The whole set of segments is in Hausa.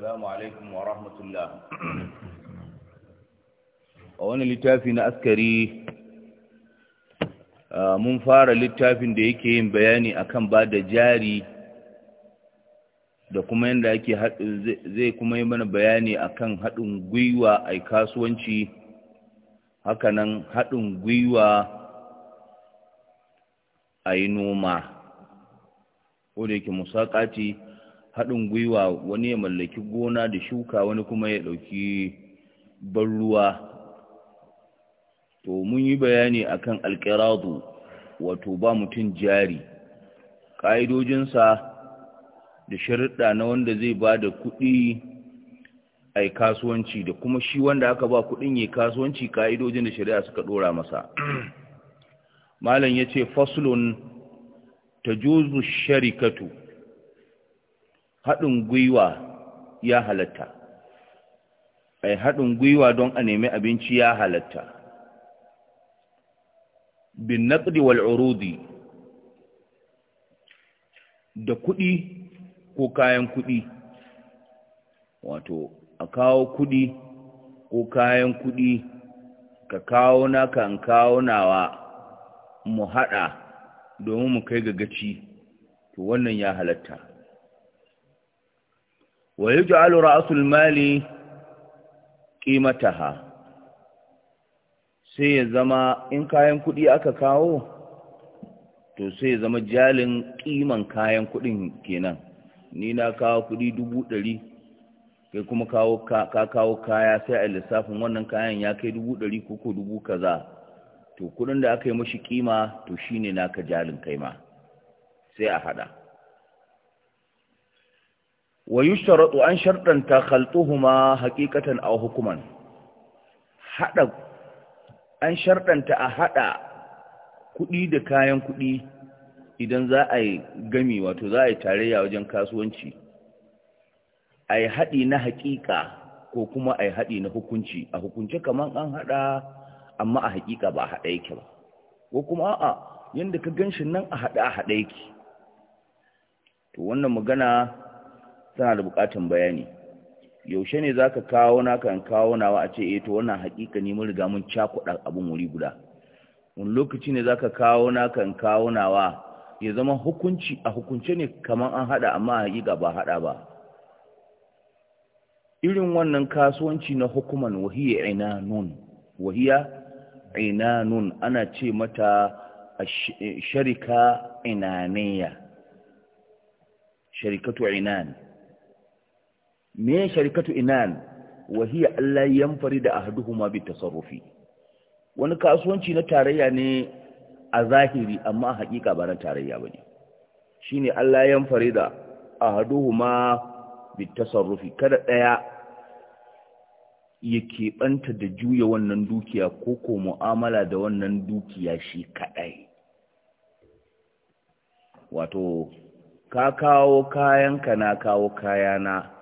السلام عليكم ورحمة الله wani littafi na askari mun fara littafin da yake yin bayani akan ba da jari da kuma yadda ake zai kuma yi mana bayani akan haɗin gwiwa a kasuwanci hakanan haɗin gwiwa a yi noma ko da yake musaƙati haɗin gwiwa wani ya mallaki gona da shuka wani kuma ya ɗauki ban ruwa to mun yi bayani akan alƙirazu wato ba mutum jari ƙa'idojinsa da sharuɗa na wanda zai ba da kuɗi a kasuwanci da kuma shi wanda aka ba kuɗin ya kasuwanci ƙa'idojin da shari'a suka ɗora masa malam ya ce faslun ta juzu sharikatu haɗin gwiwa ya halatta ai haɗin gwiwa don a nemi abinci ya halatta bin naqdi wal da kuɗi ko kayan kuɗi wato a kawo kuɗi ko kayan kuɗi ka kawo na kan kawo nawa mu haɗa domin mu kai ga gaci to wannan ya halatta wa yaj'alu ra'sul mali qimataha sai ya zama in kayan kuɗi aka kawo to sai ya zama jalin ƙiman kayan kuɗi kenan ni na kawo kuɗi dubu ɗari kai kuma kawo ka kawo kaya sai a lissafin wannan kayan ya kai dubu ɗari ko ko dubu kaza to kuɗin da aka yi mashi kima to shine naka jalin kai ma sai a haɗa wa yushtaratu an shartanta khaltuhuma haqiqatan aw hukuman hada an sharɗanta a hada kudi da kayan kuɗi idan za a gami wato za a yi tarayya wajen kasuwanci a yi haɗi na haƙiƙa ko kuma a yi haɗi na hukunci a hukunce kamar an haɗa amma a haƙiƙa ba a haɗa yake ba ko kuma a'a yadda ka gan nan a haɗa a haɗa yake to wannan magana tana da bukatan bayani yaushe ne zaka kawo naka in kawo nawa a ce eh to wannan hakika ne mun riga mun cakuɗa abun wuri guda wani lokaci ne zaka kawo naka in kawo nawa ya zama hukunci a hukunce ne kamar an hada amma hakika ba hada ba irin wannan kasuwanci na hukuman wahiya nun wahiya nun ana ce mata sharika inaniya sharikatu inani me sharikatu inan wa hiya Allah yanfari da ahduhuma bi tasarrufi wani kasuwanci na tarayya ne a zahiri amma a hakika ba na tarayya bane shine Allah yanfari da ahduhuma bi tasarrufi kada daya yake keɓanta da juya wannan dukiya ko ko mu'amala da wannan dukiya shi kadai. wato ka kawo kayanka na kawo kayana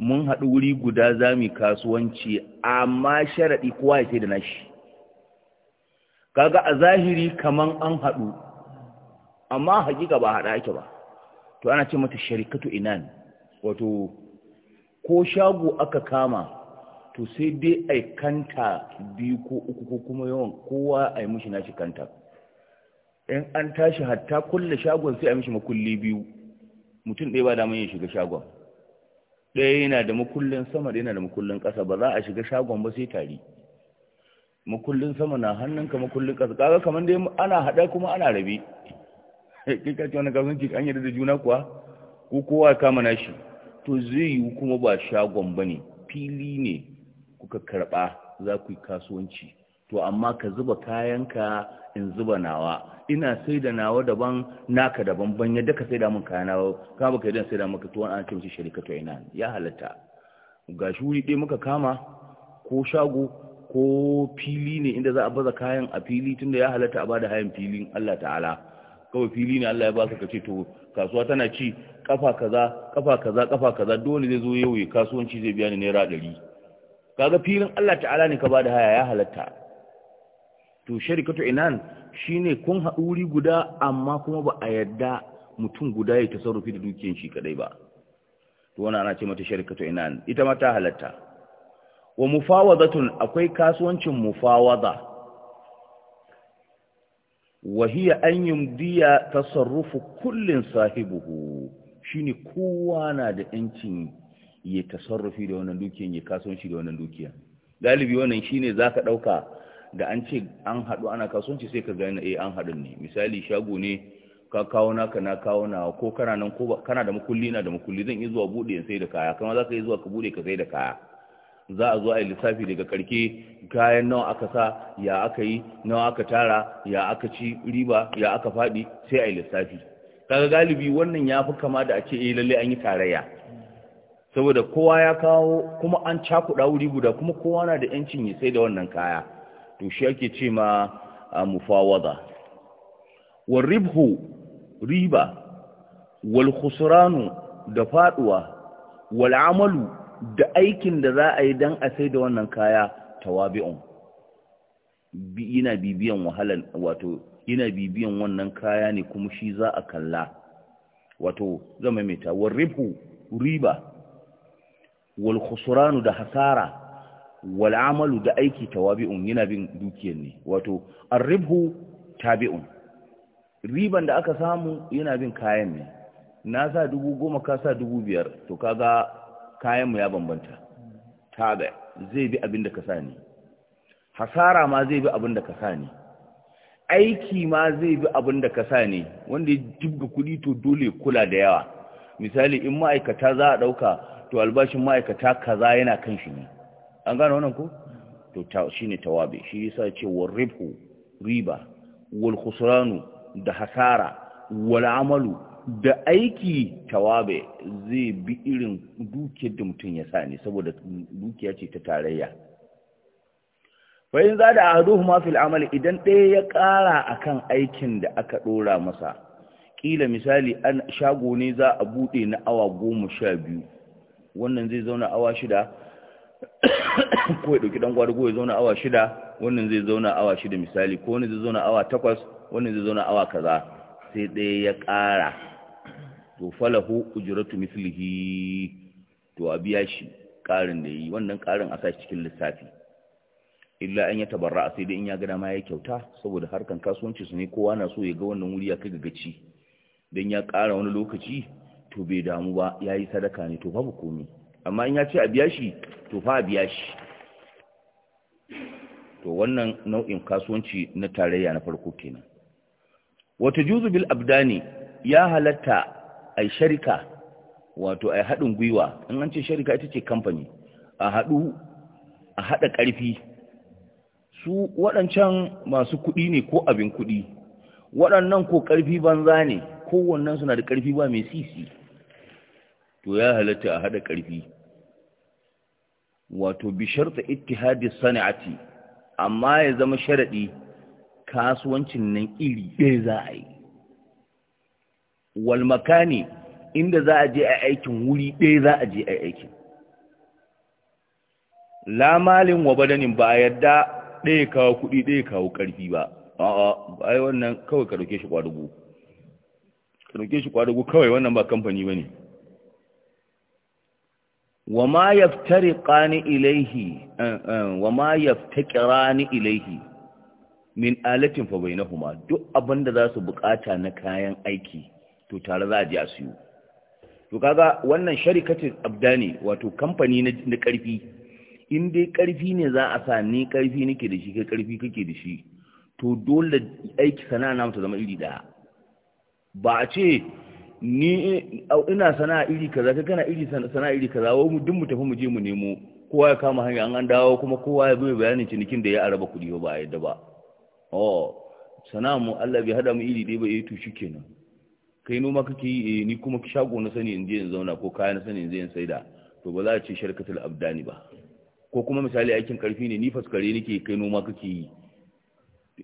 mun haɗu wuri guda za mu kasuwanci amma sharaɗi kowa ya sai da nashi kaga a zahiri kaman an haɗu amma hakika ba haɗa ake ba to ana ce mata sharikatu inan wato ko shago aka kama to sai dai a yi kanta biyu ko uku ko kuma yawan kowa yi mishi nashi kanta in an tashi hatta kulle shagon sai a mishi makulli biyu mutum ɗaya ba da mun ya shiga shagon ɗaya yana da makullin sama da yana da makullin ƙasa ba za a shiga shagon ba sai tari makullin sama na hannunka makullin ƙasa kaga kamar dai ana haɗa kuma ana rabe kai ka ce kasuwanci an yarda da juna kuwa ko kowa kama nashi to zai yiwu kuma ba shagon ba ne fili ne kuka karɓa za ku yi kasuwanci to amma ka zuba kayanka in zuba nawa ina sai da nawa daban naka daban ban yadda ka sai da mun kayan nawa ka baka yadda sai da maka tuwon an ce mishi shirika to ina ya halatta ga shuri ɗaya muka kama ko shago ko fili ne inda za a baza kayan a fili tunda ya halatta a bada hayan filin Allah ta'ala kawai fili ne Allah ya baka kace to kasuwa tana ci kafa kaza kafa kaza kafa kaza dole zai zo yau kasuwanci zai biya ni naira 100 kaga filin Allah ta'ala ne ka bada haya ya halatta to sharikatu inan shine kun haɗu wuri guda amma kuma ba a yadda mutum guda ya tasarrufi da dukiyar shi kadai ba to wannan ana ce mata sharikatu inan ita ma ta halatta wa mufawadatun akwai kasuwancin mufawada wa hiya an yumdiya tasarrufu kullin sahibuhu shine kowa na da yancin ya tasarrufi da wannan dukiyar ya kasuwanci da wannan dukiyar galibi wannan shine zaka dauka da an ce an haɗu ana kasuwanci sai ka gani eh an haɗu ne misali shago ne ka kawo naka na kawo na ko kana nan ko kana da makulli na da makulli zan yi zuwa bude in sai da kaya kamar za ka yi zuwa ka bude ka sai da kaya za a zo a yi lissafi daga karke kayan nawa aka sa ya aka yi nawa aka tara ya aka ci riba ya aka faɗi sai a yi lissafi kaga galibi wannan ya fi kama da a ce eh lalle an yi tarayya saboda kowa ya kawo kuma an cakuɗa wuri guda kuma kowa na da yancin ya sai da wannan kaya to shi ake ce ma mufawada wal ribhu riba wal khusranu da faduwa wal amalu da aikin da za a yi dan a sai da wannan kaya tawabi'un Ina bibiyan wahalar wato ina bibiyan wannan kaya ne kuma shi za a kalla wato zama mai ta, ribhu riba wal khusranu da hasara wal amalu da aiki tawabi'un yana bin dukiyar ne wato arribhu tabi'un riban da aka samu yana bin kayan ne na sa dubu goma ka sa dubu biyar to kaga kayanmu ya bambanta tabi zai bi abin da ka sa ne hasara ma zai bi abin da ka sa ne aiki ma zai bi abin da ka sa ne wanda ya jibga kuɗi to dole kula da yawa misali in ma'aikata za a ɗauka to albashin ma'aikata kaza yana kan shi ne an gane wannan ko to shine tawabi shi yasa ce wa ribhu riba wal khusranu da hasara wal amalu da aiki tawabe zai bi irin dukiyar da mutum ya sa saboda dukiya ce ta tarayya bayan za da ahaduhu ma fil idan ɗaya ya ƙara akan aikin da aka ɗora masa kila misali an shago ne za a buɗe na awa goma sha biyu wannan zai zauna awa shida ko ya ɗauki ɗan ƙwadago ya zauna awa shida wannan zai zauna awa shida misali ko wani zai zauna awa takwas wannan zai zauna awa kaza sai ɗaya ya ƙara to falahu ujratu mislihi to a biya shi ƙarin da yi wannan ƙarin a sashi cikin lissafi illa an ya tabarra sai dai in ya gada ma ya kyauta saboda harkan kasuwanci su ne kowa na so ya ga wannan wuri ya kai gaci dan ya ƙara wani lokaci to bai damu ba yayi sadaka ne to babu komai amma in ya ce a biya shi to fa a biya shi to wannan nau'in kasuwanci na tarayya na farko kenan wata juzu bil abdani ya halatta ai sharika wato ai haɗin gwiwa in an ce sharika ita ce kamfani a haɗu a haɗa ƙarfi su waɗancan masu kuɗi ne ko abin kuɗi waɗannan ko ƙarfi banza ne kowannen na da ƙarfi ba mai sisi to ya halatta a haɗa ƙarfi wato bi sharta ittihadi sana'ati amma ya zama sharadi kasuwancin nan iri ɗaya za a yi wal makani inda za a je a aikin wuri ɗaya za a je a aikin lamalin wa badanin ba a yadda ɗaya kawo kuɗi ɗaya kawo ƙarfi ba a'a ai wannan kawai ka shi kwadugo ka shi kwadugo kawai wannan ba kamfani bane wa ma yaftariqani ilaihi wa ma ni ilaihi min alatin fa bainahuma duk abinda za su bukata na kayan aiki to tare za a ji a siyo to kaga wannan abda abdani wato kamfani na karfi in dai karfi ne za a sa ni karfi nake da shi ka karfi kake da shi to dole aiki sana'a na ta zama iri ɗaya. ba a ce ni ina sana'a iri kaza kai kana iri sana'a iri kaza wa mu duk mu tafi mu je mu nemo kowa ya kama hanya an an dawo kuma kowa ya bai bayanin cinikin da ya araba kuɗi ba ba yadda ba oh sana'a mu Allah bai hada mu iri dai ba eh to shikenan kai noma kake yi eh ni kuma shago na sani inje in zauna ko kaya na sani inje in saida to ba za a ce sharkatul abdani ba ko kuma misali aikin karfi ne ni faskare nake kai noma kake yi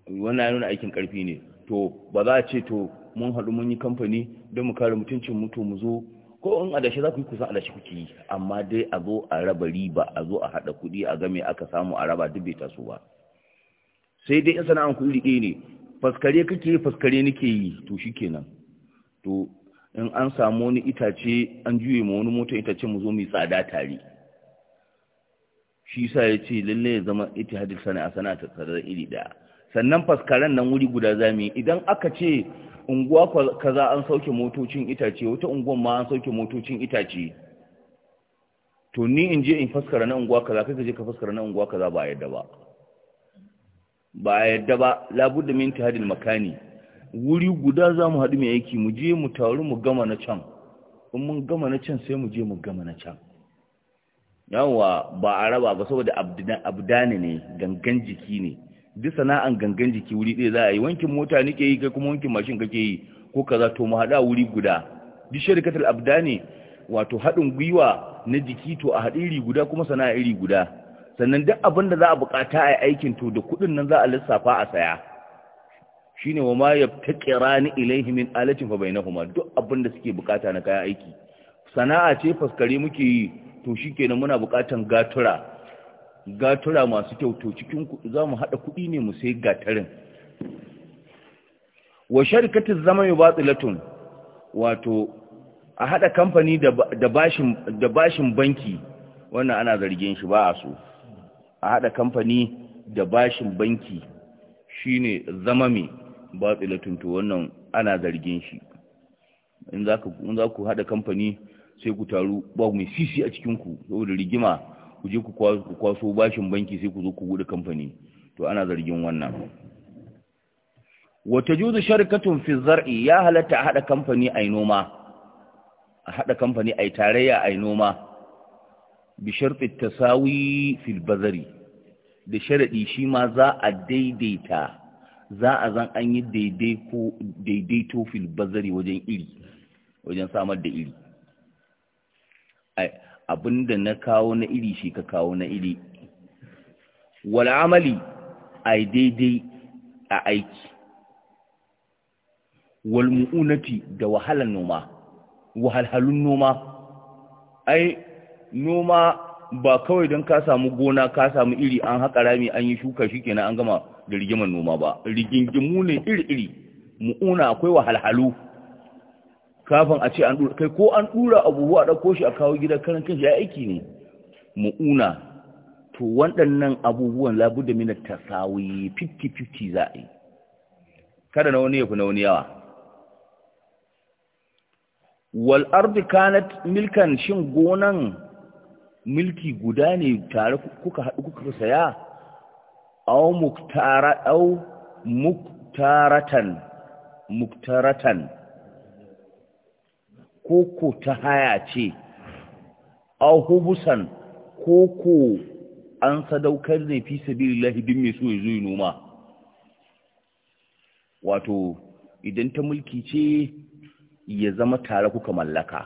wannan nuna aikin karfi ne to ba za a ce to mun haɗu mun yi kamfani don mu kare mutuncin mutu mu zo ko in adashi za ku yi kusan adashi kuke yi amma dai a zo a raba riba a zo a haɗa kuɗi a game aka samu a raba duk bai taso ba sai dai in sana'an iri riƙe ne faskare kake yi faskare nake yi to shi kenan. to in an samu wani itace an juye ma wani mota itace mu zo mu tsada tare shi sa ya ce lallai ya zama ita hadin sana'a sana'a ta tsada iri ɗaya sannan faskaren nan wuri guda zami idan aka ce unguwa kaza an sauke motocin itace wata unguwan ma an sauke motocin itace to ni in je in faskara na unguwa kaza kai ka je ka faskara na unguwa kaza ba yadda ba ba yadda ba labudda min makani wuri guda za mu haɗu mai aiki mu je mu taru mu gama na can in mun gama na can sai mu je mu gama na can Yawa ba a raba ba saboda abdane ne gangan jiki ne duk sana'an gangan jiki wuri ɗaya za a yi wankin mota ke yi kai kuma wankin mashin kake yi ko kaza to mu haɗa wuri guda duk shirkatul abda ne wato haɗin gwiwa na jiki to a haɗi iri guda kuma sana'a iri guda sannan duk abin da za a buƙata a yi aikin to da kuɗin nan za a lissafa a saya shine wa ma ni ilaihi min alatin fa bainahuma duk abin da suke buƙata na kayan aiki sana'a ce faskare muke yi to shikenan muna buƙatan gatura gatura masu kyau to cikin za mu haɗa kuɗi ne mu sai gatarin wa sharkatin zama yi wato a haɗa kamfani da bashin banki wannan ana zargin shi ba a so a haɗa kamfani da bashin banki shine zama mai batsilatun to wannan ana zargin shi in za ku haɗa kamfani sai ku taru ba mai sisi a cikinku saboda rigima ku je ku kwaso bashin banki sai ku zo ku bude kamfani to ana zargin wannan wa juzu sharikatun fi zar'i ya halatta a hada kamfani ai noma a hada kamfani ai tarayya ai noma bi sharti tasawi fil bazari da sharadi shi ma za a daidaita za a zan an yi daidaito fil bazari wajen iri wajen samar da iri abinda na kawo na iri shi ka kawo na iri wal amali ai daidai a aiki wal mu'unati da wahalar noma wahalhalun noma ai noma ba kawai don ka samu gona ka samu iri an haƙa rami an yi shuka shikenan na an gama da rigimar noma ba rigingimu ne iri-iri mu'una akwai wahalhalu kafin a ce an dura kai ko an dura abubuwa da shi a kawo gida karan kanshi ya aiki ne mu'una to waɗannan abubuwan labuda mina tasawi 50-50 za a yi kada na wani ya fi na wani yawa wal ardi kanat milkan shin gonan milki guda ne tare kuka haɗu kuka saya au muktara muktaratan koko ta haya ce ahubusan hubusan koko an sadaukar ne fi sabilillahi din mai so ya zo noma wato idan ta mulki ce ya zama tare kuka mallaka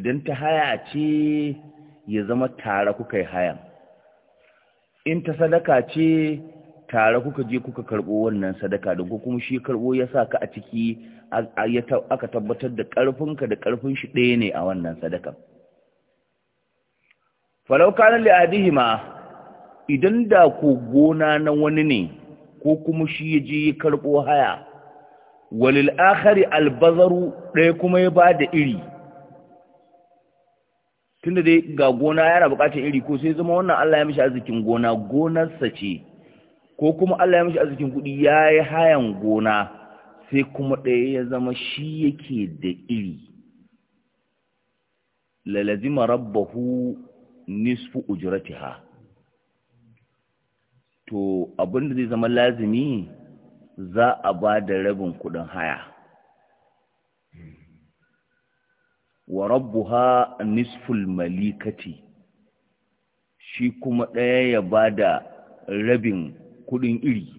idan ta haya ce ya zama tare kuka yi hayan in ta sadaka ce tare kuka je kuka karɓo wannan sadaka da kuma shi karɓo ya sa ka a ciki aka tabbatar da ƙarfinka da ƙarfin shi ɗaya ne a wannan sadaka falau li'adihi ma idan da ko gona na wani ne ko kuma shi ya je ya karɓo haya walil akhari albazaru ɗaya kuma ya ba da iri tunda dai ga gona yana buƙatar iri ko sai zama wannan Allah ya mishi arzikin gona gonarsa ce ko kuma Allah ya mishi arzikin kuɗi ya yi hayan gona sai kuma ɗaya ya zama shi yake da iri lalazima rabbahu nisfu ujratiha to abinda zai zama lazimi za a ba da rabin kudin haya wa rabbuha nisful malikati shi kuma ɗaya ya ba da rabin kudin iri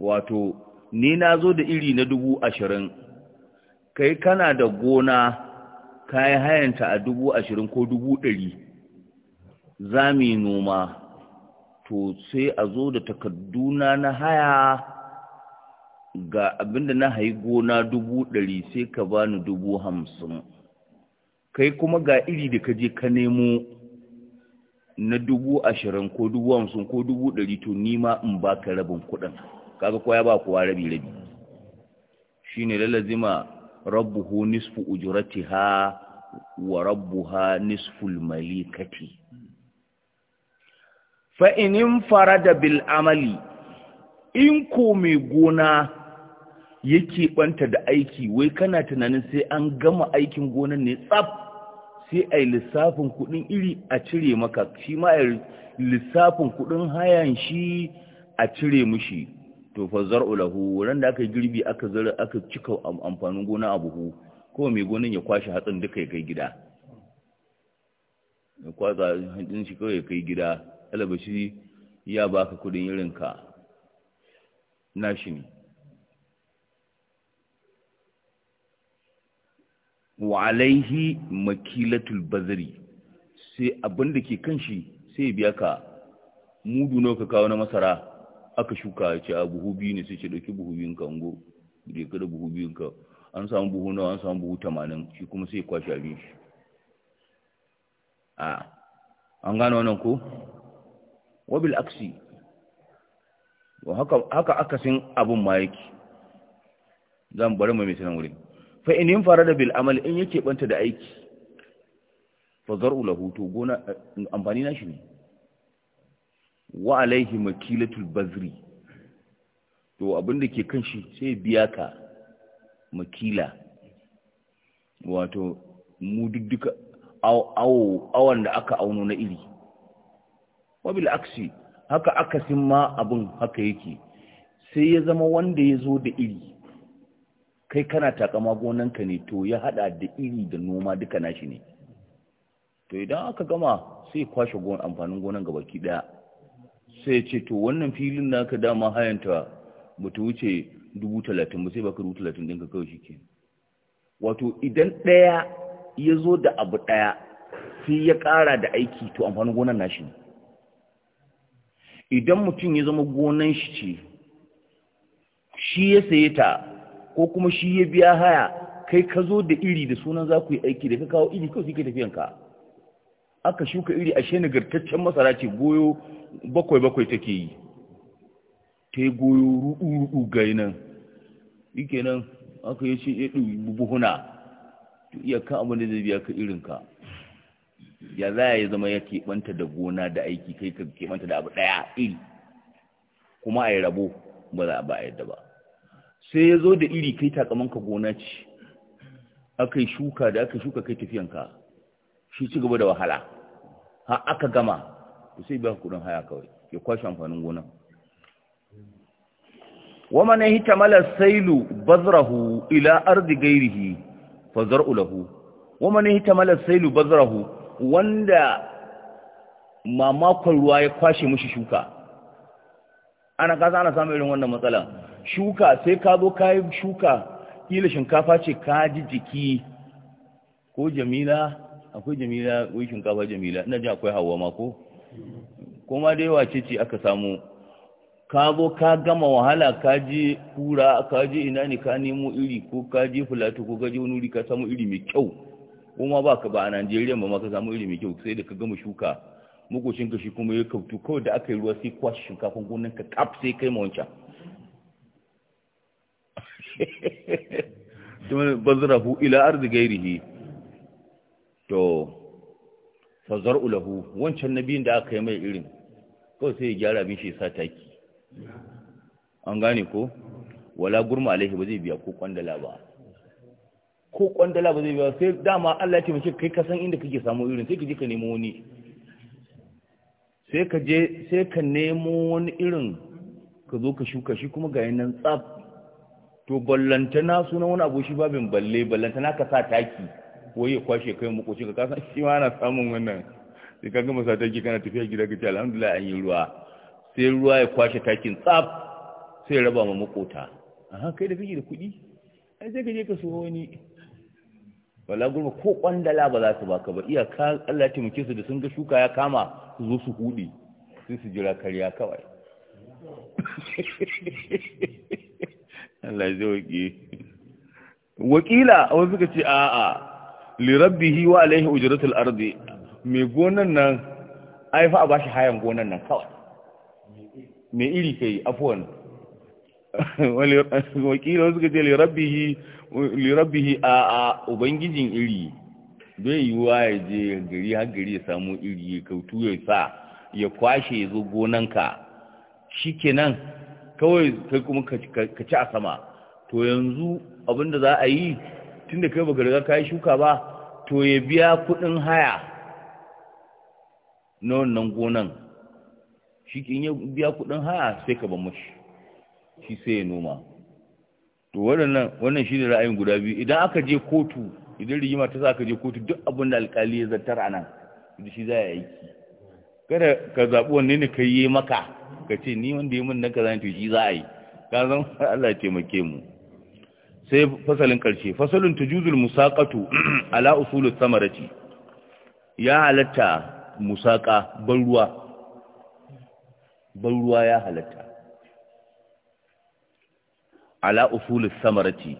wato ni na zo da iri na dubu ashirin kai kana da gona yi hayanta a dubu ashirin ko dubu ɗari za mu noma to sai a zo da takarduna na haya ga abinda na hayi gona dubu ɗari sai ka bani dubu hamsin kai kuma ga iri da ka je ka nemo na dubu ashirin ko dubu hamsin ko dubu ɗari to nima in baka rabin kuɗin kaga kowa ya ba kowa rabi rabi shine lalazima rabbuhu nisfu ujratiha wa rabbuha nisfu almalikati fa in infarada bil amali in ko mai gona yake banta da aiki wai kana tunanin sai an gama aikin gonan ne tsaf sai ai lissafin kudin iri a cire maka shi ma lissafin kudin hayan shi a cire mushi to fa zar'u lahu ran da aka girbi aka zara aka cika amfanin gona a buhu ko mai gonan ya kwashi hatsin duka ya kai gida ya kwasa hatsin shi kawai ya kai gida shi ya baka kudin irin ka shi ne wa alaihi makilatul bazari sai abin da ke kan shi sai biya ka mudu nawa ka kawo na masara aka shuka ya ce a buhu biyu ne sai ce ɗauki buhu biyun ka ungo da ya da buhu biyun ka an samu buhu nawa an samu buhu tamanin shi kuma sai kwashe abin shi a an gano wannan ko wabil aksi haka haka akasin abun ma yake zan bari mai sanan wurin fa in yin fara da bil amal in yake banta da aiki fa zar'u lahu to gona eh, amfani na shi ne wa alaihi makilatul bazri to abinda ke kan shi sai biya ka makila wato mu duka awon da aka auno na iri wabil aksi haka akasin ma abin haka yake sai ya zama wanda ya zo da iri kai kana takama gonanka ne to ya hada da iri da noma duka nashi ne to idan aka gama sai kwashe amfanin gonan gabaki daya sai ce to wannan filin naka dama hayanta ba ta wuce dubu talatin ba sai ba ka dubu talatin ɗin ka kawai shi ke wato idan ɗaya ya zo da abu ɗaya sai ya ƙara da aiki to amfanin gonan nashi ne idan mutum ya zama gonan shi ce shi ya saye ta ko kuma shi ya biya haya kai ka zo da iri da sunan za ku yi aiki da ka kawo iri kawai sai ka tafiyanka aka shuka iri ashe nagartaccen masara ce goyo bakwai bakwai take yi ta yi goyo ruɗu-ruɗu gai nan ike nan aka yi ce ya ɗuyi buhuna to iya ka abin da zai biya ka irinka ya za ya zama ya keɓanta da gona da aiki kai ka keɓanta da abu ɗaya iri kuma a yi rabo ba za a ba a yadda ba sai ya zo da iri kai takamanka gona ce aka yi shuka da aka shuka kai tafiyanka shi ci gaba da wahala har aka gama ku sai biya kudin haya kawai ya kwashe amfanin gona wa man yahtamala sailu bazrahu ila ardi ghairihi fa zar'u lahu wa man yahtamala sailu bazrahu wanda mamakon ruwa ya kwashe mushi shuka ana kasa ana samun irin wannan matsala shuka sai ka zo ka shuka kila shinkafa ce ka ji jiki ko jamila akwai jamila wai shinkafa jamila ina ji akwai hawa ma ko kuma dai wace ce aka samu ka zo ka gama wahala ka je kura ka je ina ne ka nemo iri ko ka je filato ko ka je wani wuri ka samu iri mai kyau kuma ba ka ba a najeriya ba ma ka samu iri mai kyau sai da ka gama shuka makocin ka shi kuma ya kautu kawai da aka yi ruwa sai kwashi shinkafin gonan ka kaf sai kai ma wancan bazrahu ila to fazar ulahu wancan nabiyin da aka yi mai irin kawai sai ya gyara bin shi sa taki an gane ko wala gurma alaihi ba zai biya ko kwandala ba ko kwandala ba zai biya sai dama Allah ya mace kai ka san inda kake samu irin sai ka je ka nemo wani sai ka je sai ka nemo wani irin ka zo ka shuka shi kuma ga nan tsaf to ballantana sunan wani abu shi babin balle ballantana ka sa taki koyi ya kwashe kai makoci ka kasan shi ma ana samun wannan sai ka gama sataki kana tafiya gida ka ce alhamdulillah an yi ruwa sai ruwa ya kwashe takin tsaf sai raba ma makota aha kai da kake da kuɗi ai sai ka je ka so wani wala gurba ko kwandala ba za su baka ba iya ka Allah taimake su da sun ga shuka ya kama su zo su hudi sai su jira kariya kawai Allah wakila wasu suka ce a'a lirabbihi wa alaihi ujratul ardi mai gonan nan ai fa a bashi hayan gonan nan kawai mai iri kai afwan wakilin wasu ce lirabbihi a a ubangijin iri bai yiwuwa ya je gari har gari ya samu iri ya kautu ya sa ya kwashe ya zo gonanka shi kenan kawai kai kuma ka ci a sama to yanzu abinda za a yi tunda kai baka riga kai shuka ba to ya biya kuɗin haya na wannan gonan shi ke ya biya kuɗin haya sai ka ba mashi shi sai ya noma to waɗannan wannan shi ne ra'ayin guda biyu idan aka je kotu idan rigima ta sa aka je kotu duk abin da alƙali ya zartar a nan shi za a yi kada ka zaɓi wanne ne ka yi maka ka ce ni wanda yi min na kaza to shi za a yi ka zan Allah ya taimake mu sai fasalin karshe fasalin tujuzul musaqatu ala usulut samarati ya halatta musaka ban ruwa ban ruwa ya halatta ala usulut samarati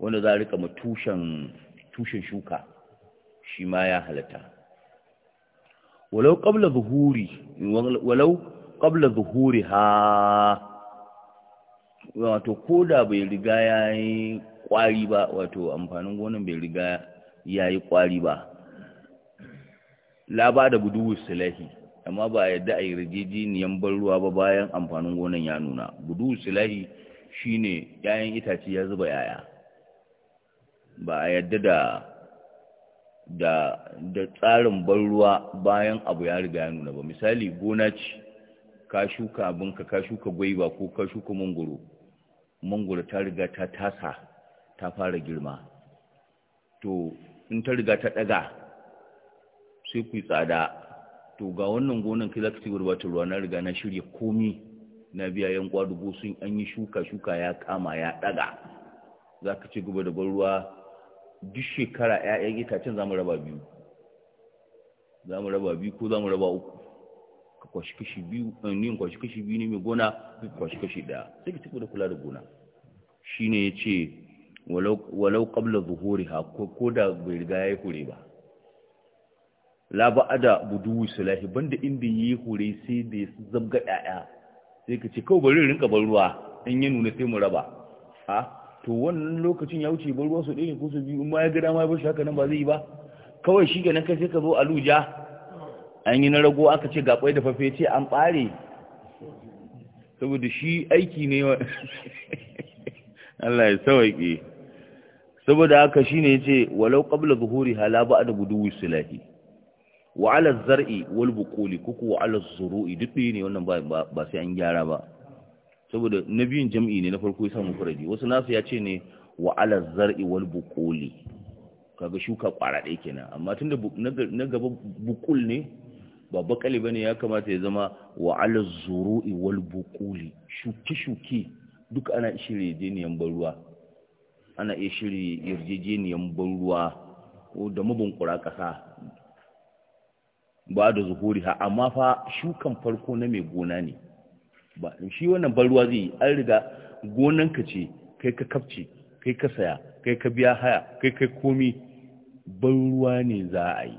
wanda za a rika ma tushen tushen shuka shi ma ya halatta walau qabla zuhuri walau qabla zuhuriha wato ko da bai riga ya yi ƙwari ba wato amfanin gonan bai riga ya yi ƙwari ba laba da buduwu silahi amma ba a yadda a yi rijijiniyan ban ruwa ba bayan amfanin gonan ya nuna buduwu silahi shi ne ‘ya'yan itace ya zuba yaya ba a yadda da da da tsarin ban ruwa bayan abu ya riga ya nuna ba misali gona ce ka shuka abinka ka shuka gwaiba ko ka shuka mangoro mangoro ta riga ta tasa ta fara girma to in ta riga ta daga sai ku tsada to ga wannan gonan ki za ka tibar ta ruwa na riga na shirya komi na biya yan kwadugo sun an yi shuka shuka ya kama ya daga za ka ci gaba da ban ruwa duk shekara 'ya'yan itacen za mu raba biyu za mu raba biyu ko za mu raba uku ka kwashi kashi biyu eh, ni kwashi kashi biyu ne mai gona ka kwashi kashi daya sai ka da kula da gona ya ce walau walau qabla ha ko da bai riga ya yi hure ba la ba'ada budu sulahi banda inda ya yi hure sai da ya zabga ɗaya sai ka ce kawai bari rinka bar ruwa in ya nuna sai mu raba ha to wannan lokacin ya wuce bar ruwa su ɗaya ko su biyu in ma ya gada ma ya bar shi haka nan ba zai yi ba kawai shi nan kai sai ka zo aluja an yi na rago aka ce ga da fafe ce an ɓare saboda shi aiki ne wa Allah ya sauke saboda haka ne yace walau ƙabla zuhuri hala ba da sulahi wa ala zar'i wal buquli kuku wa ala zuru'i duk ne wannan ba sai an gyara ba saboda na biyun jam'i ne na farko ya samu faraji wasu nasu ya ce ne wa ala zar'i wal buquli kaga shuka kwara ɗaya kenan amma tunda na gaba bukul ne ba bakali bane ya kamata ya zama wa ala zuru'i wal buquli shuki shuki duk ana shirye yarjejeniyan ruwa ana iya shirye yarjejeniyan ruwa da mabunkura kasa ba da zuhuri ha amma fa shukan farko na mai gona ne ba shi wannan ruwa zai yi an riga gonanka ce kai ka kafce kai ka saya kai ka biya haya kai kai komi ruwa ne za a yi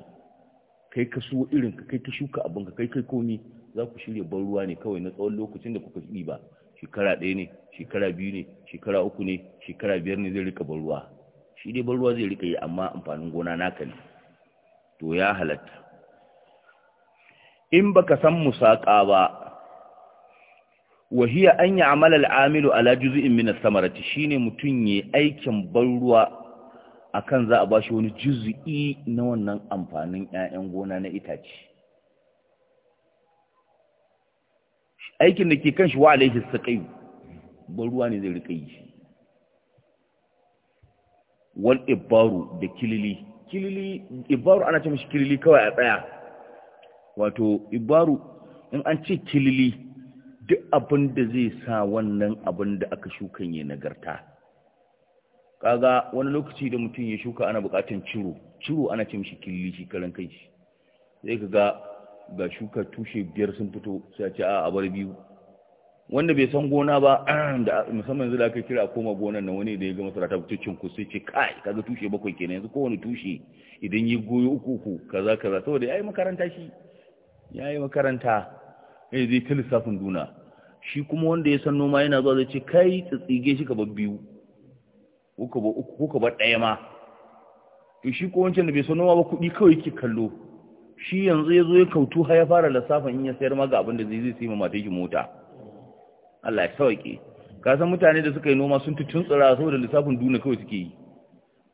kai ka so irin ka kai ka shuka abin ka kai kai komi za ku shirya ban ruwa ne kawai na tsawon lokacin da kuka yi ba shekara ɗaya ne shekara biyu ne shekara uku ne shekara biyar ne zai rika ban ruwa shi dai ban ruwa zai rika yi amma amfanin gona naka ne to ya halatta in baka san musaka ba wahiya an yi amalar amilu ala juzu'in min samarati shine mutum ya aikin ban ruwa akan za a bashi wani juz'i na wannan amfanin 'ya'yan gona na itace aikin da ke kan shi wa alaihi saƙai baruwa ne zai rika yi shi wal ibaru da kilili kilili ibaru ana ce mashi kilili kawai a tsaya wato ibaru in an ce kilili duk abin da zai sa wannan abin da aka shukan ne nagarta kaga wani lokaci da mutum ya shuka ana bukatan ciro ciro ana ce mishi killi shi karan kai shi sai ka ga ga shuka tushe biyar sun fito sai a ce a bar biyu wanda bai san gona ba da musamman yanzu da aka kira koma gonan nan wani da ya ga masara ta fito cin kusa ce kai kaga tushe bakwai kenan yanzu kowane tushe idan ya goyo uku uku kaza kaza saboda yayi makaranta shi yayi makaranta eh zai ta lissafin duna shi kuma wanda ya san noma yana zuwa zai ce kai tsitsige shi ka bar biyu kuka ba uku kuka ba ɗaya ma to shi ko wancan da bai san noma ba kuɗi kawai yake kallo shi yanzu ya zo ya kautu har ya fara lissafin in ya sayar ma ga abin da zai zai sai ma mata shi mota Allah ya sauke ka san mutane da suka yi noma sun tutun tsira saboda lissafin duna kawai suke yi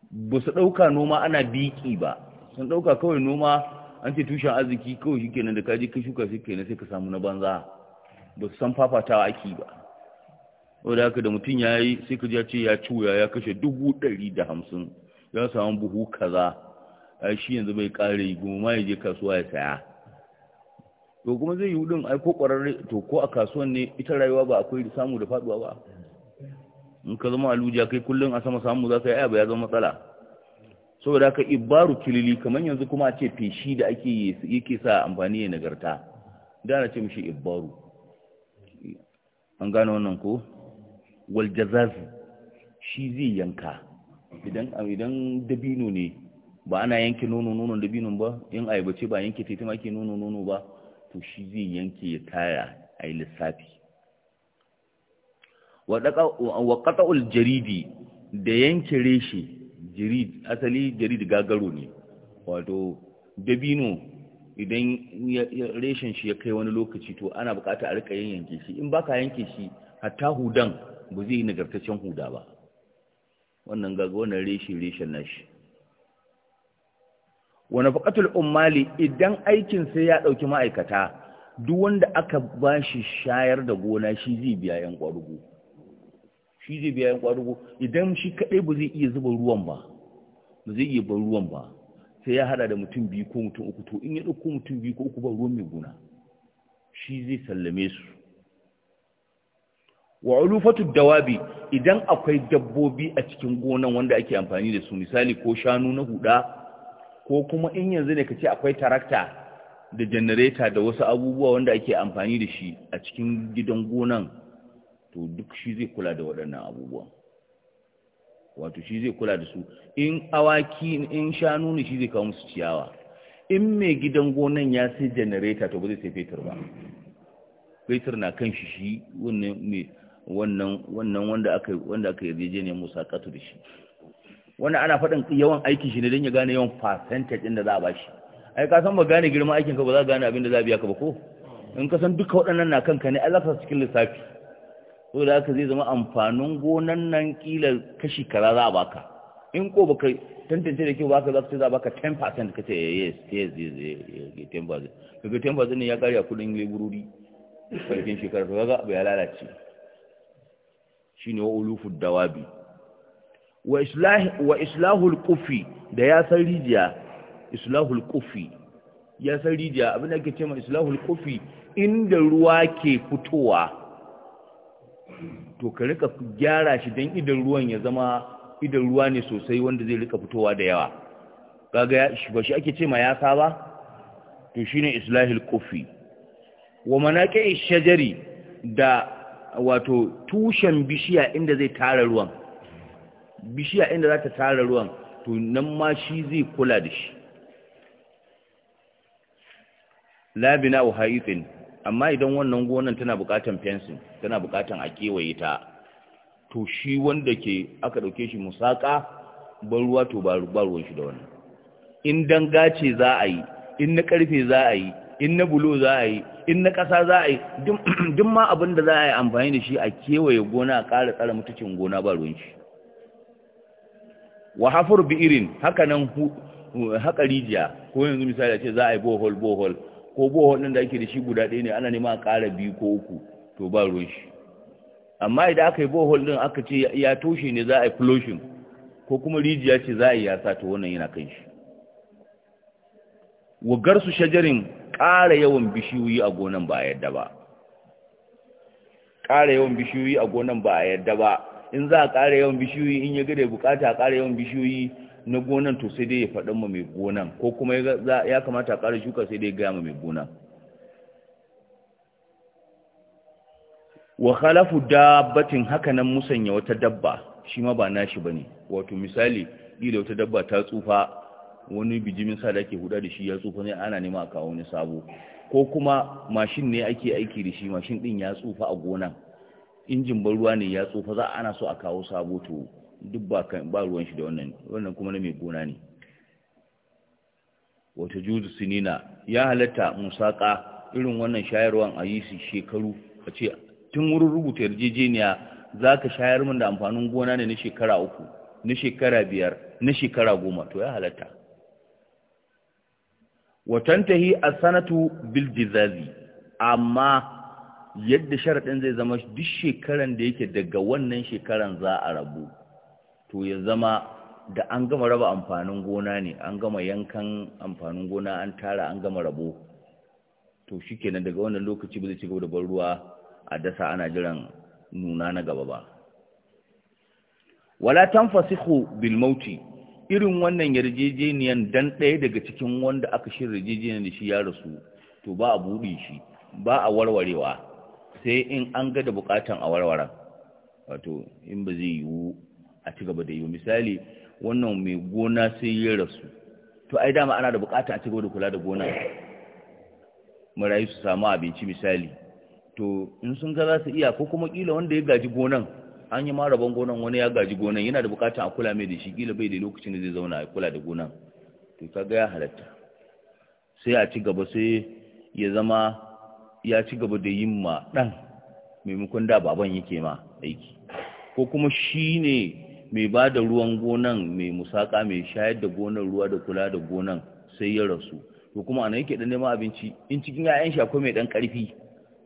ba su ɗauka noma ana biki ba sun ɗauka kawai noma an ce tushen arziki kawai shi kenan da kaje ka shuka shi kenan sai ka samu na banza ba su san fafatawa ake ba wadda haka da mutum ya yi sai ka ce ya cuya ya kashe dubu ɗari da hamsin ya samu buhu kaza a shi yanzu bai ƙare goma ya je kasuwa ya saya to kuma zai yi hudun ai ko ƙwararre to ko a kasuwan ne ita rayuwa ba akwai samu da faduwa ba in ka zama aluja kai kullum a sama samu za ka yi ba ya zama matsala saboda haka ibaru kilili kamar yanzu kuma a ce feshi da ake yake sa amfani ya nagarta da na ce mishi ibaru an gane wannan ko wal jazazi shi zai yanka idan idan dabino ne ba ana yanke nono nonon dabinon ba in ayaba ce ba yanke taitima ke nono nono ba to shi zai yanke ya taya a lissafi wa qata'ul jaridi da yanke reshe jarid asali jarid gagaro ne wato dabino idan reshen shi ya kai wani lokaci to ana bukata a rika yanke shi in baka yanke shi hatta hudan ba zai yi nagartaccen huda ba wannan gaga wannan reshe reshen nashi wani faƙatul umali idan aikin sai ya ɗauki ma'aikata duk wanda aka ba shi shayar da gona shi zai biya yan ƙwarugu shi zai biya yan ƙwarugu idan shi kaɗai ba zai iya zuba ruwan ba ba zai iya ban ruwan ba sai ya hada da mutum biyu ko mutum uku to in ya ɗauko mutum biyu ko uku ba ruwan mai gona shi zai sallame su wa ulufatu dawabi idan akwai dabbobi a cikin gonan wanda ake amfani da su misali ko shanu na huda ko kuma in yanzu ne kace akwai tarakta da janareta da wasu abubuwa wanda ake amfani da shi a cikin gidan gonan to duk shi zai kula da waɗannan abubuwan wato shi zai kula da su in awaki in shanu ne shi zai kawo musu ciyawa in mai gidan gonan ya sai janareta to ba zai sai fetur ba fetur na kan shi shi wannan mai wannan wanda aka wanda aka musa katu da shi wannan ana faɗin yawan aikin shi ne don ya gane yawan percentage ɗin da za a bashi ai ka san ba gane girman aikin ka ba za ka gane abin da za a biya ka ba ko in ka san duka waɗannan na kanka ne Allah ka cikin lissafi so da haka zai zama amfanin gonan nan kila kashi kaza za a baka in ko baka tantance da kyau ka za ka ce za a baka 10% ka ce eh, yes yes yes yes 10% kaga ne ya kare a kudin leburori farkin shekara to kaga bai lalace shine wa ulufud dawabi wa islah wa islahul qufi da ya san rijiya islahul qufi ya san rijiya abin da ake cewa islahul qufi inda ruwa ke fitowa to ka rika gyara shi dan idan ruwan ya zama idan ruwa ne sosai wanda zai rika fitowa da yawa kaga ba shi ake cewa ya saba to shine islahul qufi wa manaqi shajari da wato tushen bishiya inda zai tara ruwan bishiya inda za ta tara ruwan to nan ma shi zai kula da shi labina wa haifin amma idan wannan gonan tana bukatan fensin tana bukatan a kewaye ta to shi wanda ke aka dauke shi musaka ban ruwa to ba ruwan shi da wannan in dangace za a yi in na karfe za a yi in na bulo za a yi in na ƙasa za a yi duk ma abin da za a yi amfani da shi a kewaye gona a ƙara tsara mutucin gona ba ruwan shi wa hafur bi irin haka nan haka rijiya ko yanzu misali ce za a yi bohol bohol ko bohol ɗin da ake da shi guda ɗaya ne ana nema a ƙara biyu ko uku to ba ruwan shi amma idan aka yi bohol ɗin aka ce ya toshe ne za a yi floshin ko kuma rijiya ce za a yi yasa to wannan yana kan shi wa garsu shajarin ƙara yawan bishiyoyi a gonan ba a yadda ba ƙara yawan bishiyoyi a gonan ba a yadda ba in za a ƙara yawan bishiyoyi in ya gada bukata a ƙara yawan bishiyoyi na gonan to sai dai ya faɗin ma mai gonan ko kuma ya kamata a ƙara shuka sai dai gaya ma mai gonan wa khalafu dabbatin haka hakanan musanya wata dabba shi ma ba nashi bane wato misali ila wata dabba ta tsufa wani bijimin sa da ake huda da shi ya tsufa ne ana nema a kawo wani sabo ko kuma mashin ne ake aiki da shi mashin din ya tsufa a gonan injin ban ruwa ne ya tsufa za ana so a kawo sabo to duk ba kan ba ruwan shi da wannan wannan kuma na mai gona ne wata juzu sinina ya halatta musaka irin wannan shayarwan a yi shekaru a ce tun wurin rubuta yarjejeniya za ka shayar min da amfanin gona ne na shekara uku na shekara biyar na shekara goma to ya halatta watantahi as-sanatu bil jizazi amma yadda sharadin zai zama duk shekaran da yake daga wannan shekaran za a rabu to ya zama da an gama raba amfanin gona ne an gama yankan amfanin gona an tara an gama rabo to shikenan daga wannan lokaci ba zai ci gaba da ban ruwa a dasa ana jiran nuna na gaba ba wala tanfasikhu bil mauti irin wannan yarjejeniyan dan ɗaya daga cikin wanda aka shirya yarjejeniyan da shi ya rasu to ba a buɗe shi ba a warwarewa sai in an ga da buƙatan a warwara wato in ba zai yiwu a ci gaba da yiwu misali wannan mai gona sai ya rasu to ai dama ana da buƙatan a ci gaba da kula da gona marayu su samu abinci misali to in sun ga za su iya ko kuma kila wanda ya gaji gonan an yi ma rabon gonan wani ya gaji gonan yana da bukatan a kula mai da shi gila bai da lokacin da zai zauna a kula da gonan to kaga ya halatta sai a ci gaba sai ya zama ya ci gaba da yin ma dan maimakon da baban yake ma aiki ko kuma shi ne mai ba da ruwan gonan mai musaka mai shayar da gonan ruwa da kula da gonan sai ya rasu to kuma ana yake dan neman abinci in cikin 'ya'yan shi akwai mai dan karfi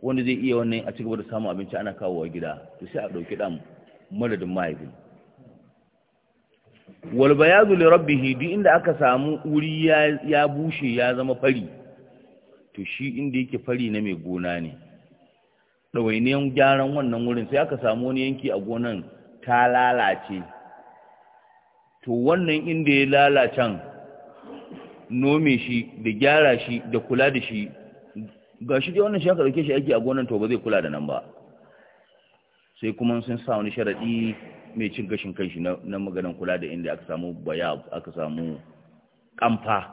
wanda zai iya wannan a cigaba da samun abinci ana kawowa gida to sai a ɗauki ɗan madadin mahaifin walba ya zule rabbi duk inda aka samu wuri ya bushe ya zama fari to shi inda yake fari na mai gona ne ɗawainiyan gyaran wannan wurin sai aka samu wani yanki a gonan ta lalace to wannan inda ya lalacen nome shi da gyara shi da kula da shi ga shi dai wannan shi aka ɗauke shi aiki a gonan to ba zai kula da nan ba sai kuma sun sa wani sharaɗi mai cin gashin kanshi na maganin kula da inda aka samu baya aka samu kamfa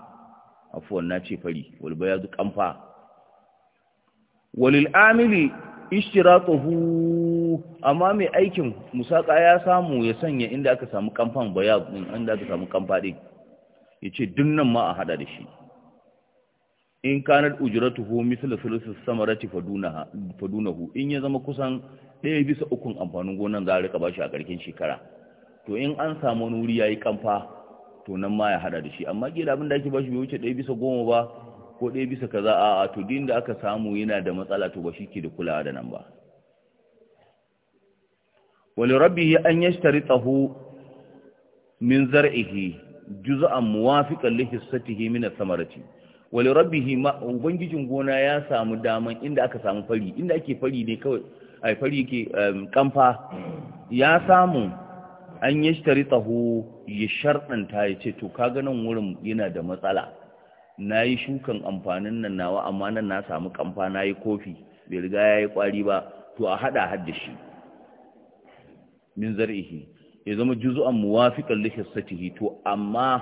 afuwan na ce fari wani baya bayadu kamfa walil amili tsohu amma mai aikin musaƙa ya samu ya sanya inda aka samu kamfan baya? din inda aka samu kamfa ya yace dunnan ma a haɗa da shi in kanar ujratuhu misla sulusus samarati fadunaha fadunahu in ya zama kusan ɗaya bisa ukun amfanin gonan za a rika bashi a ƙarƙin shekara to in an samu wani wuri yayi kamfa to nan ma ya hada da shi amma gida abin da ake bashi bai wuce ɗaya bisa goma ba ko ɗaya bisa kaza a to din da aka samu yana da matsala to ba shi ke da kulawa da nan ba wani rabbihi an tsaho min zar'ihi juz'an muwafiqan li hissatihi min samarati wali rabbi hima ubangijin gona ya samu daman inda aka samu fari inda ake fari ne kawai ai fari yake um, kamfa ya samu an yi shitari tsaho ya sharɗanta ya ce to kaga nan wurin yana da matsala na yi shukan amfanin nan nawa amma nan na samu kamfa na yi kofi bai riga ya yi kwari ba to a haɗa hadda shi min zar'ihi ya zama juzu'an muwafiqan li hissatihi to amma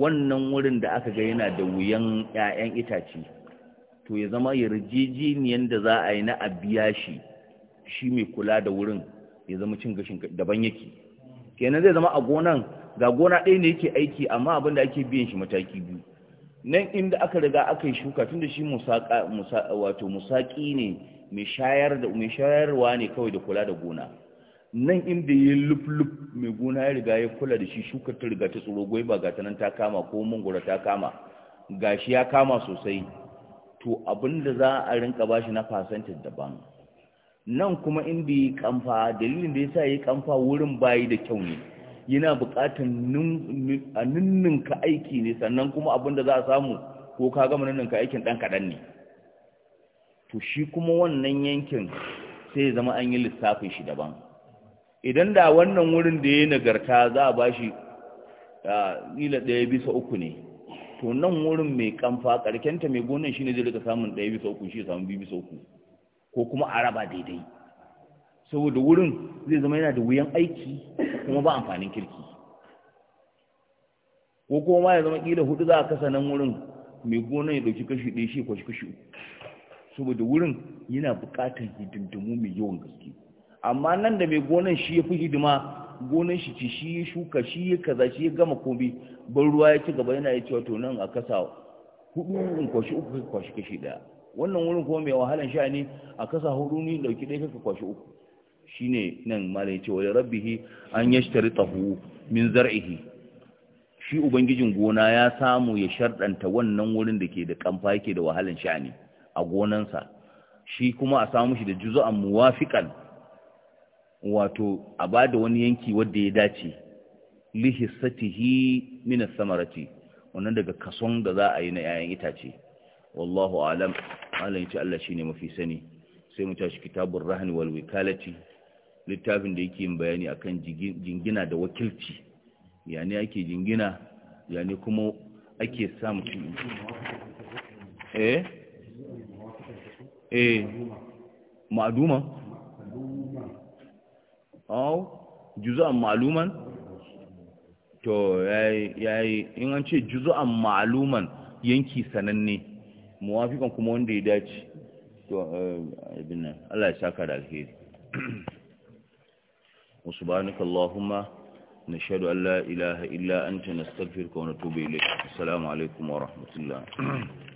wannan wurin da aka ga yana da wuyan 'ya'yan itace to ya zama yarjejeniyan da za a yi na abiya shi shi mai kula da wurin ya zama cin gashin daban yake kenan zai zama a gonan ga gona ɗaya ne yake aiki amma abin da ake biyan shi mataki biyu nan inda aka riga aka yi shuka tun da shi wato musaki ne mai shayarwa ne kawai da kula da gona nan inda ya yi mai gona ya riga ya kula da shi shukar ta riga ta tsoro goyi ba gata nan ta kama ko mangoro ta kama ga shi ya kama sosai to abinda za a rinka bashi na fasantin daban nan kuma inda ya kamfa dalilin da ya sa ya kamfa wurin bayi da kyau ne yana buƙatar a ninninka aiki ne sannan kuma abinda za a samu ko ka gama ninninka aikin ɗan kaɗan ne to shi kuma wannan yankin sai ya zama an yi lissafin shi daban idan da wannan wurin da ya nagarta za a ba shi ila ɗaya bisa uku ne to nan wurin mai kamfa ƙarkenta mai gonan shi ne zai rika samun ɗaya bisa uku shi samun biyu bisa uku ko kuma a raba daidai saboda wurin zai zama yana da wuyan aiki kuma ba amfanin kirki ko kuma ya zama ƙila hudu za a kasa nan wurin mai gonan ya ɗauki kashi ɗaya shi kwashi kashi uku saboda wurin yana buƙatar hidindimu mai yawan gaske amma nan da mai gonan shi ya fi hidima gonan shi ci shi ya shuka shi ya kaza shi ya gama kobi ban ruwa ya ci gaba yana ya cewa to nan a kasa hudu in kwashi uku ka kwashi kashi daya wannan wurin kuma mai wahalan sha ne a kasa hudu ni dauki dai kaka kwashi uku shine nan malai ce ya rabbihi an yashtari tahu min zar'ihi shi ubangijin gona ya samu ya shardanta wannan wurin da ke da kamfa yake da wahalan sha'ani a gonansa shi kuma a samu shi da juzu'an muwafiqan wato a bada wani yanki wadda ya dace lihissatihi minas samarati wannan daga kason da za a yi na 'ya'yan itace wallahu alam malayin ci Allah shine mafi sani sai mu tashi kitabur rahn wal wikalati littafin da yake yin bayani akan jingina da wakilci yani ake jingina yani kuma ake sa mutum eh eh ma'duma aw juz'an ma'luman to yayi yayi in an ce juz'an ma'luman yanki sananne muwafiqan kuma wanda ya dace to eh, ibn Allah ya saka da alheri wa subhanaka allahumma nashhadu an la ilaha illa anta nastaghfiruka wa natubu ilayk assalamu alaikum wa rahmatullah